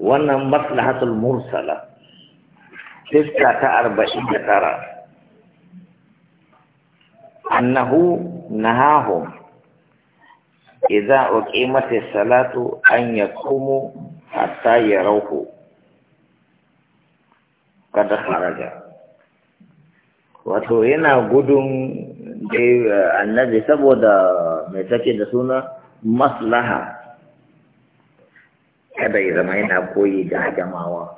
wannan maslahatul mursala fiska ta arba'in da tara annahu Nahahu, idza uqimat as-salatu an yaqumu hatta yarawhu kada kharaja wato yana gudun eh, annabi saboda mai take da suna maslaha kada ya zama yana koyi da hajamawa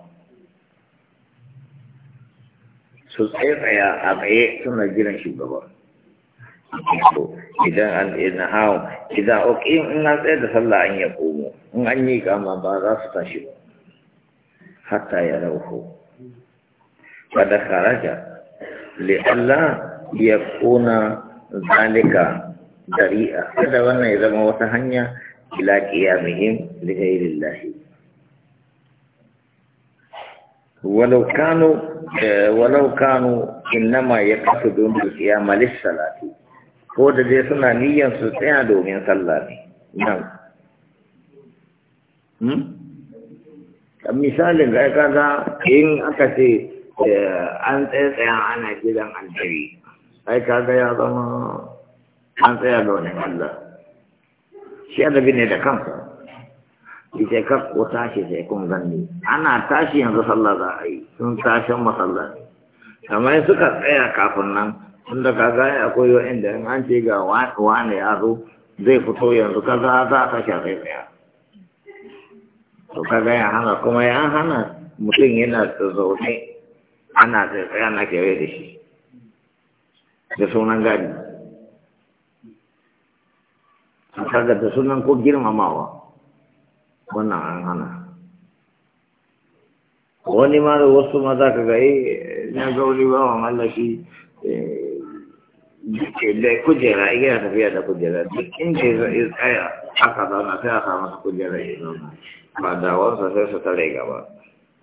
su tsaya a tsaye suna jiran shugaba idan an ina hau idan ok in an tsaye da sallah an ya komo in an yi kama ba za su tashi ba hatta ya rauho kada kharaja li'alla ya kuna zalika dari'a kada wannan ya zama wata hanya إلى قيامهم لغير الله ولو كانوا ولو كانوا إنما يقصدون القيام للصلاة فود جسنا نيا سوتيا دومين صلاة نعم misalin kaya kaga in aka ce an tsaya tsaya ana gidan aljari kaya kaga ya zama an tsaya da wani Allah shi adabi ne da kansa shi sai ka ko tashi sai kun zanni ana tashi yanzu sallah za a yi sun tashin masallah kamar suka tsaya kafin nan tunda ka ga akwai yo'in da an ce ga wani ya zo zai fito yanzu ka za a tashi a zai tsaya to ka ga hana kuma ya hana mutum yana zaune ana tsaya na kewaye da shi da sunan gadi kaga da sunan ko girmamawa wannan an hana wani ma da wasu ma za ka ga eh na gauri ba wa mallaki eh, da kujera yana tafiya da kujera duk inda ya tsaya aka zauna sai a samu kujera ya zauna ba da wansa sai su tare gaba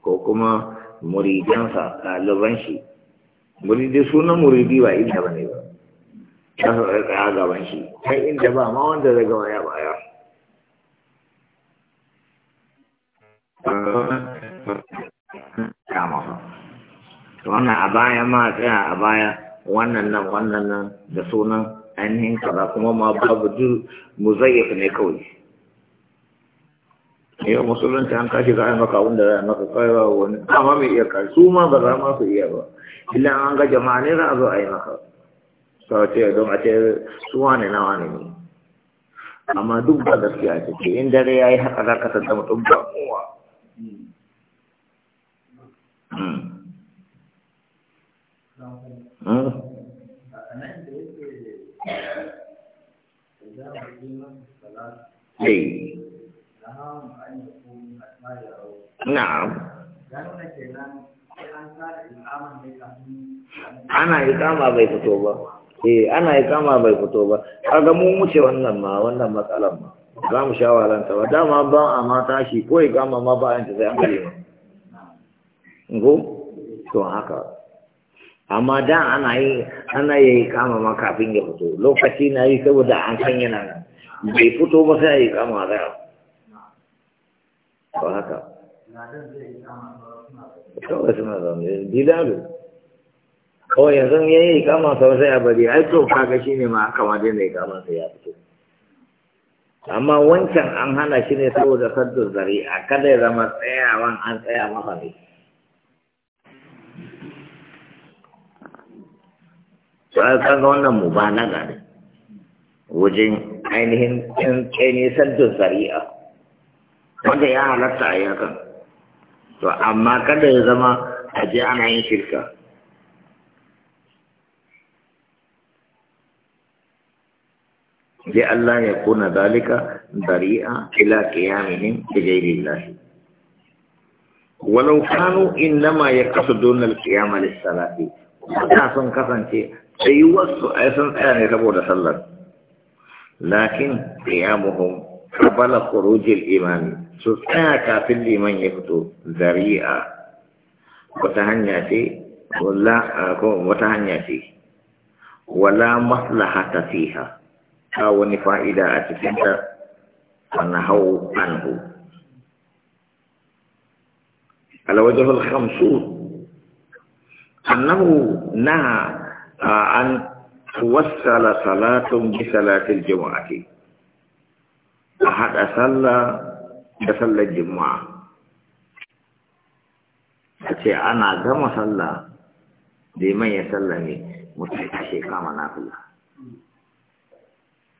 ko kuma muridansa ɗaliban shi muridi sunan muridi ba inda ba ne ba ya so tsaya gaban shi kai inda ba ma wanda zai gaba ya baya wannan a baya ma tsaya a baya wannan nan wannan nan da sunan ainihin kaza kuma ma babu mu muzayyaf ne kawai yau musulunci an kashi za a maka wanda da za a maka kawai ba wani amma mai iya kai su ma ba za ma su iya ba illa an ga jama'a ne za a zo a yi maka sau ce don a ce suwa ne na wani ne amma duk ba gaskiya ce ke in dare ya yi haka za ka hmm. Hmm. fito ba eh ana yi kama bai fito ba kaga mun wuce wannan ma wannan matsalar ma za mu sha ba dama ba a ma tashi ko ya kama ma ba yanta sai an kare ma ko to haka amma da ana yi ana yi kama ma kafin ya fito lokaci na yi saboda an san yana nan bai fito ba sai yi kama da to haka kawai suna zaune bilalu kawai yanzu ya yi kama sau sai a bari ai to kaga shi ne ma aka wajen da ya kama sai ya fito amma wancan an hana shi ne saboda saddu zari a kada ya zama tsayawan an tsaya masa ne to an kaga wannan mu ba na ne wajen ainihin tsantsani saddu a. wanda ya halatta a yakan to amma kada ya zama a je ana yin shirka لئلا يكون ذلك ذريعا إلى قيامهم بغير الله ولو كانوا إنما يقصدون القيام للصلاة كاسون كاسون شيء أيوة اسن أنا ربنا صلى لكن قيامهم قبل خروج الايمان سبحان كافر لمن يفتو وتهنى وتهنيتي ولا وتهنيتي ولا مصلحة فيها wani fa'ida a cikinta wani hau anhu. Alawajen al-Khamsu, annahu na a an tuwassala salatun bi jima'a jima'ati, a haɗa sallah da sallar jima'a. A ce ana gama sallah da yi manyan sallah ne, mutane ta shekama na fula.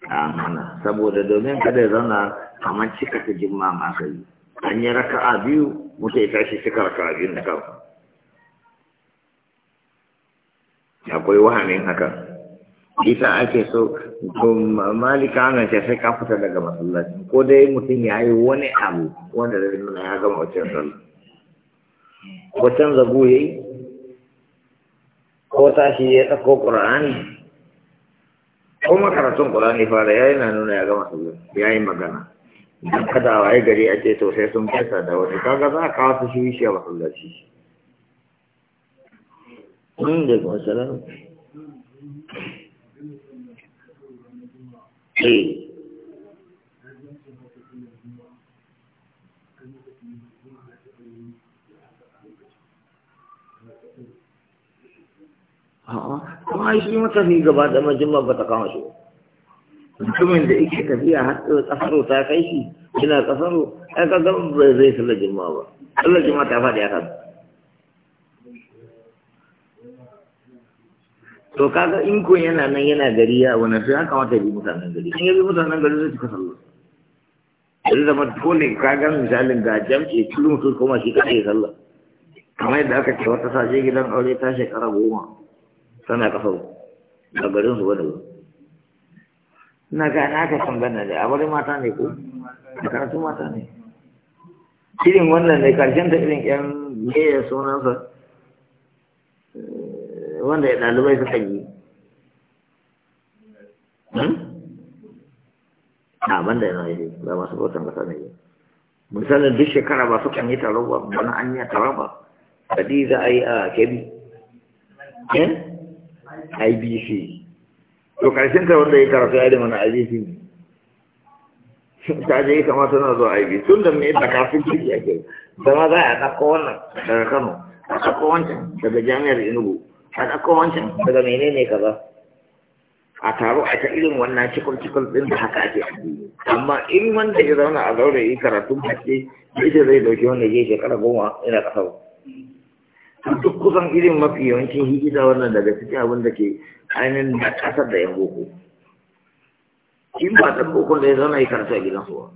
amana saboda domin kada zana zauna kamar cika ta jimma aka yi an yi raka'a biyu mutai tashi cika raka'a biyu da kansa akwai wahamin haka isa ake so malika ana ce sai ka fita daga masallaci ko dai mutum ya yi wani abu wanda da nuna ya gama wacce sallah ko canza goye ko tashi ya tsako ƙura'ani kuma karatun Qur'ani fara yayi na nuna ya gama sallah yayi magana idan kada a waye gari a ce to sai sun fesa da wasu kaga za ka wasu shi shi a masallaci mun da masallaci eh kuma shi matafi gaba da majimma ba ta kama shi mutumin da yake tafiya har kasaro ta kai shi yana kasaro ai ka ga ba zai sallar jimma ba sallar jimma ta faɗi akan to kaga in ko yana nan yana gari ya wani sai ya kamata ya bi mutanen gari in ya bi mutanen gari zai cika sallar yanzu zama dole ka ga misalin ga jamce kullum su kuma shi kaɗai sallar kamar yadda aka ce wata sace gidan aure ta shekara goma tana kafa a garin su wani na ga na ka san bane da abare mata ne ko da karatu mata ne irin wannan ne karshen ta irin yan meye sunansa eh, wanda ya ɗalibai suka yi hmm? a banda yana yi ba masu bautan kasa ne misalin duk shekara ba su kan yi taro ba bana an yi taro ba kadi za a yi a kebi eh? IBC to karshen ta wanda ya karatu ya da mana IBC ne ta je ya kamata na zuwa IBC tun da mai baka sun ciki ake zama za a ɗauko wannan daga Kano a ɗauko wancan daga jami'ar Enugu a ɗauko wancan daga menene kaza a taro a ta irin wannan cikin cikin ɗin da haka ake addini amma in wanda ya zauna a zaure yi karatu ba ce zai zai dauki wanda ya shekara goma ina ƙasa ba duk kusan irin mafi yawancin hikita wannan daga cikin abin da ke ainihin da kasar da yan boko in ba ɗan boko da ya zauna ya karatu a gidansu ba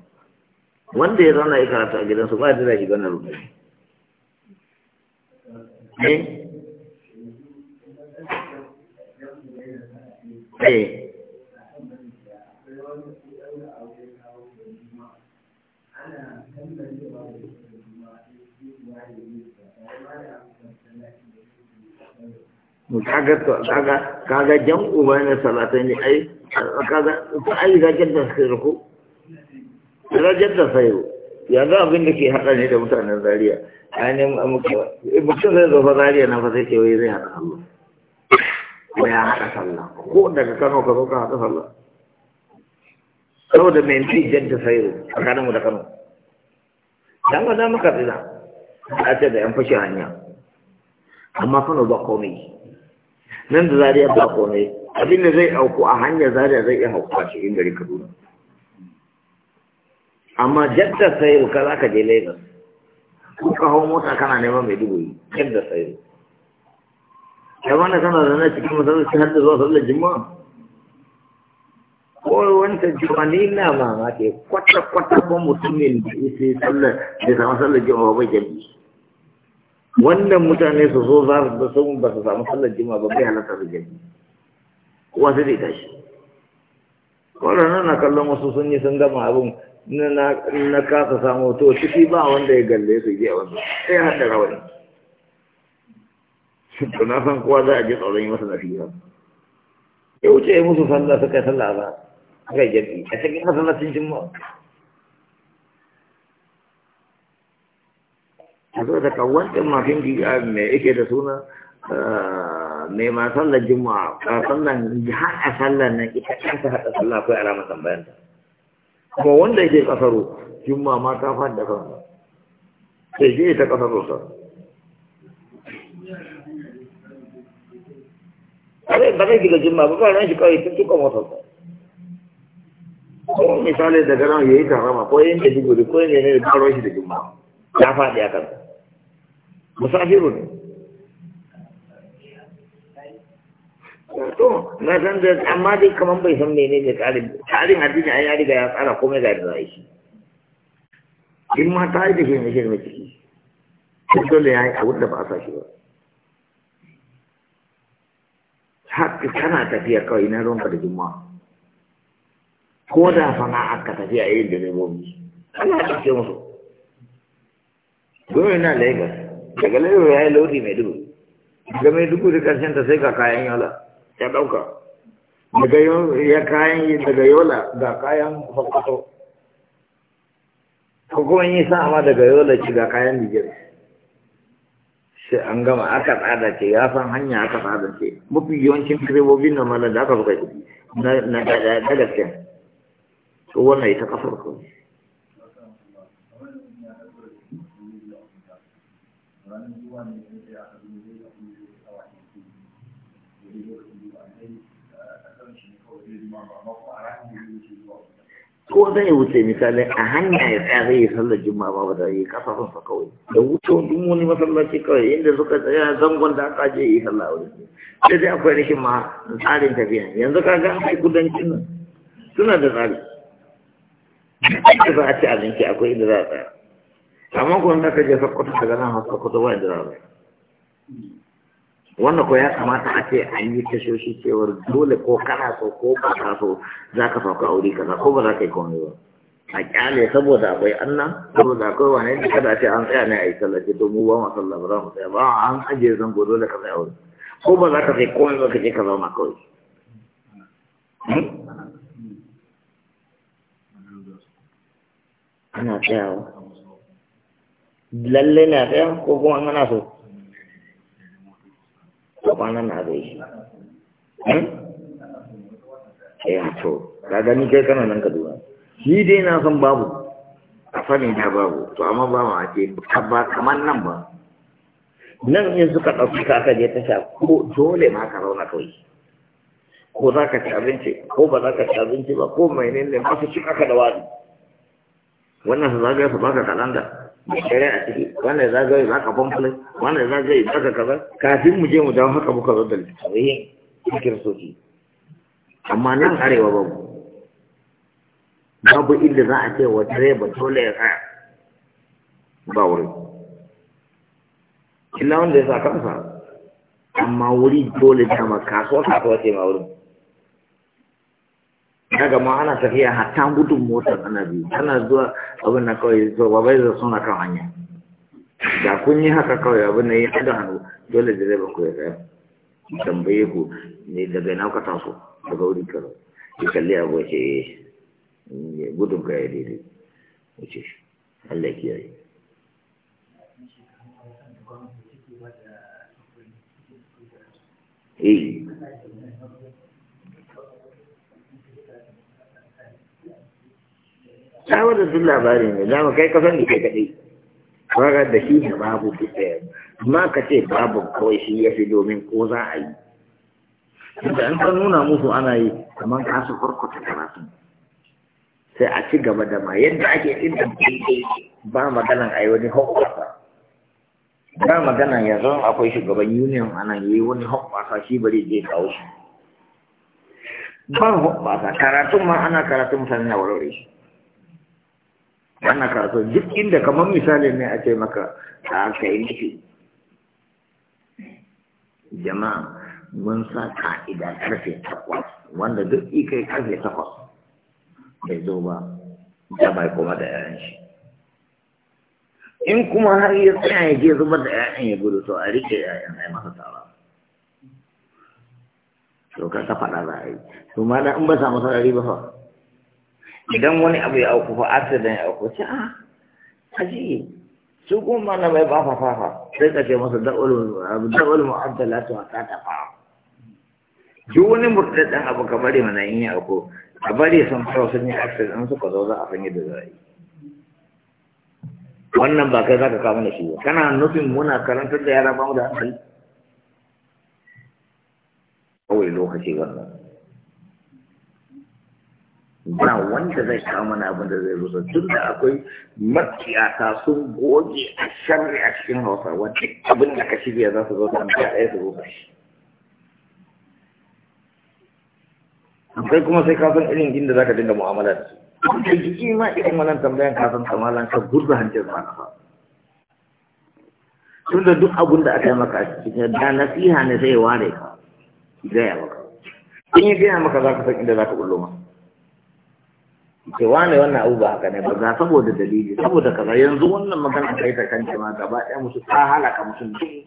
wanda ya zauna ya karatu a gidansu ba da zai ganar rubu eh, eh. kaga kaga kaga jam'u bayan salatain ne ai kaga ai rajin da sai ko rajin da sai yanzu abin da ke haɗa ne da mutanen zaria ainihin mutum zai zofa zaria fa sai ce wai zai haɗa sallah ko ya haɗa sallah ko daga kano ka zo ka haɗa sallah saboda mai fi jadda sayo mu da kano dan ga maka tsina a ce da yan fashe hanya amma kano ba komai nan da zariya ba komai abin da zai auku a hanyar zariya zai iya hauku a cikin gari kaduna amma jadda sayo ka za ka je lagos ko ka hau mota kana nema mai dubu jadda sayo ya wanda kana da na cikin masallaci har da zuwa sallar juma'a ko wanda jumani na mamaki kwata-kwata ba mutumin da sai sallar da sama sallar juma'a ba jami'i wannan mutane su zo za su sun ba su samu sallar jima ba bai halatta su gani kowa sai zai tashi nan na kallon wasu sun yi sun gama abin na kasa samu to ciki ba wanda ya galle su je wasu, sai har da rawani to na san kowa za a je tsoron yi masa fiye ya wuce musu sallah suka yi sallah ba a kai jami'i a cikin masallacin jima'a a zo da kawantin mafin giga mai yake da suna mai ma sallar juma'a a sallar har a sallar nan ita kanta haɗa sallah akwai alamar tambayanta kuma wanda yake kasaro juma'a ma ta fadda kansa sai je ta kasaro sa are ba zai gida juma'a ba ba ran shi kawai tun tuka motarsa ko misali daga ya yi tarama ko yin da digori ko yin ne da karo shi da juma'a ya faɗi a kansa musafirun to na san da amma dai kaman bai san mene ne tsarin tsarin addini ai ya riga ya tsara komai ga da zai in ma ta yi da shi ne shi ne ciki dole ya yi abin da ba a sa shi ba haƙƙi kana tafiya kawai na ruwan da juma'a ko da sana'a ka tafiya irin da zai bobi Allah ya ɗauke musu dole na Lagos daga lalewa ya yi lauri mai dubu daga mai dubu da karshen ta sai ga kayan yola ya ɗauka daga ya kayan daga yola ga kayan fakwato ko kuma yi ma daga yola ci ga kayan digir sai an gama aka tsada ce ya san hanya aka tsada ce mafi yawancin kribobi na mana da aka bukai na daga to wannan ita kasar kawai ko zai wuce misalin a hanya ya tsaya zai yi sallar juma'a ba da yi kafafunsa kawai da wuce duk wani masallaci kawai inda suka tsaya zangon da aka je yi sallah wuri sai dai akwai rashin ma tsarin tafiya yanzu ka ga ai kudancin nan suna da tsari da a ci abinci akwai inda za a tsaya amma ko da aka je sakkwato daga nan har sakkwato ba da rabai wannan ko ya kamata a ce an yi tashoshi cewar dole ko kana so ko ba ka so za ka sauka aure za ko ba za ka yi komai ba a kyale saboda akwai annan saboda akwai wani yadda kada ce an tsaya ne a yi tallace don mu ba mu sallah ba za mu tsaya ba an ajiye zango dole ka tsaya aure ko ba za ka sai komai ba ka je ka zauna kawai hmm? ana tsayawa lalle na ɗaya ko kuma an hana so kwana na zai eh ya to ka gani kai kana nan ka kaduna shi dai na san babu a sani na babu to amma ba ma ce ba kamar nan ba nan in suka ɗauki ka aka je tasha ko dole ma ka rauna kawai ko za ka ci abinci ko ba za ka ci abinci ba ko mai ne su ci aka da wani wannan su zagaya su baka kalanda da shari'a a ciki wanda za ga za ka fanfani wanda za ga za ka kaza kafin mu je mu dawo haka muka zo da littattafai cikin soke amma nan arewa babu babu inda za a ce wa direba dole ya tsaya ba wuri illa wanda ya sa kansa amma wuri dole dama kasuwa kasuwa ce ma wurin ya gama ana tafiya hatta gudun motar ana biyu ana zuwa abin na kawai zuwa ba bai zai suna kan hanya da kun yi haka kawai abin da ya ɗaga hannu dole da zai ba ku ya tambaye ku ne daga na ka taso daga wurin karo ya kalli abu ya ce eh, gudun ka ya daidai wuce Allah ya kiyaye eh ta wadda duk labari ne dama kai ka da ke kaɗai kwarar da shi da babu ke ɗaya amma ka ce babu kawai shi ya fi domin ko za a yi da an kan nuna musu ana yi kamar ka su ta karatu sai a ci gaba da ma yadda ake inda daidai ba maganan a yi wani hoɓɓasa ba magana ya zan akwai shugaban union a nan yi wani hoɓɓasa shi bari zai kawo shi ba hoɓɓasa karatun ma ana karatun mutane na warware shi wannan karatu duk inda kamar misali ne a ce maka ta aka yi nufi jama'a mun sa ka'ida karfe takwas wanda duk ikai karfe takwas bai zo ba da bai kuma da yaran shi in kuma har ya tsaya ya ke zubar da yayan ya gudu to a rike yayan ai masa tara to ka ta faɗa za a yi to ma da in ba samu sarari ba fa idan wani abu ya auku fa accident ya auku ce a ah, aji su kuma na bai bafa fa fa sai ka ce masa da'ul da'ul mu'addalatu wa ta fa duk wani murɗaɗɗen abu ka bari mana in yi auku a bari sun fara sun yi accident suka zo za a san da za a yi wannan ba kai za ka kama mana shi ba kana nufin muna karantar da yara ba mu da hankali kawai lokaci wannan ba wanda zai kawo mana abin da zai rusa tun da akwai matiyata sun goge a shari a cikin hausa wani abin da ka shirya za su zo ta amfani ɗaya su rusa shi akwai kuma sai ka san irin inda za ka dinga mu'amala da su da jiki ma irin wannan tambayan ka san kamalan ka gurza hancin ma kafa tun da duk abin da aka yi maka a cikin da nasiha ne sai ya ware ka zai yi maka in ya gaya maka za ka san inda za ka bullo maka ke wane wannan abu ba haka ne ba za saboda dalili saboda kaza yanzu wannan magana ta yi ta kan ma gaba ɗaya musu ta halaka musu ne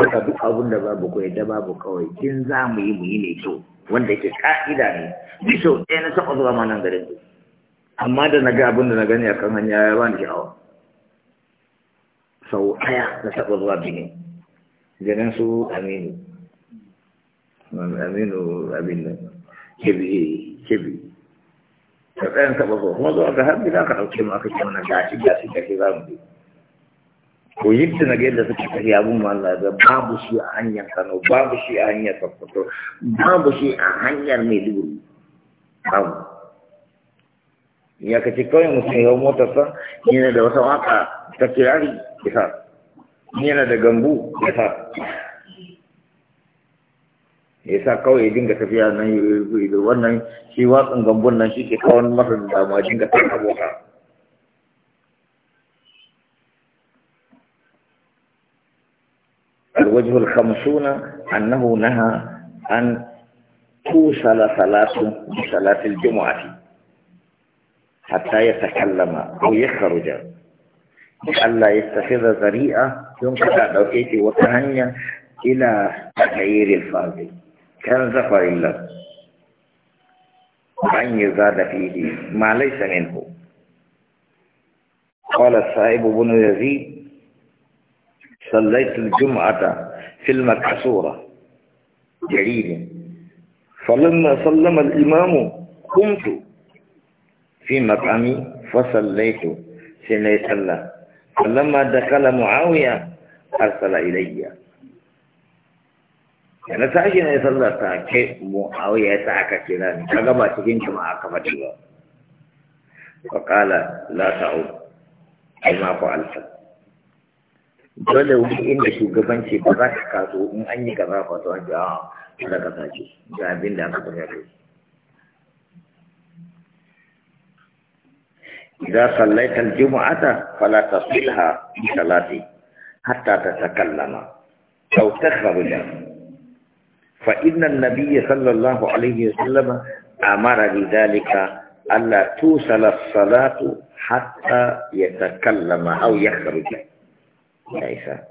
duka duk abin da babu ko yadda babu kawai kin za mu yi mu yi ne kyau wanda ke ka'ida ne bisho ɗaya na taɓa zuwa ma nan garin amma da na ga abin da na gani a kan hanya ya bani sha'awa sau ɗaya na taɓa zuwa bini ganin su aminu aminu abin nan kebi kebi ka tsayan taɓa ko kuma zuwa ga har gida ka ɗauke mu aka ce mana gashi gashi gashi za mu je ko yadda na yadda suke tafi abun Allah ga babu shi a hanyar Kano babu shi a hanyar Sokoto babu shi a hanyar Maiduguri babu ya kace kawai mutum ya motar sa yana da wata waka ta kirari ya sa yana da gambu ya sa yasa kawai ya dinga tafiya nan wannan shi watsin gambun nan shi ke kawon masa damuwa dinga ta aboka الوجه الخمسون أنه نهى أن توصل صلاة صلاة الجمعة حتى يتكلم أو يخرج ألا يتخذ ذريئة يمكن أن أوكيك وتهنى إلى تغيير الفاضل كان زفر الله أن يزاد فيه ما ليس منه قال الصائب بن يزيد صليت الجمعة في المكسورة جليل فلما سلم الإمام قمت في مقامي فصليت سنة الله فلما دخل معاوية أرسل إليّ yana tashi na yi sallar ta ke mu'awiya ya sa aka kira ni ka gaba cikin jama'a ka faɗi ba fa qala la ta'ud ai ma fa alfa dole wuri inda shugabanci ba za ka kaso in an yi kaza fa to an ji a kada ka sace ga abin da aka tafi kai idan sallaita aljumu'ata fala tasilha bi salati hatta tatakallama aw takhruja فإن النبي صلى الله عليه وسلم أمر بذلك ألا توصل الصلاة حتى يتكلم أو يخرج ليس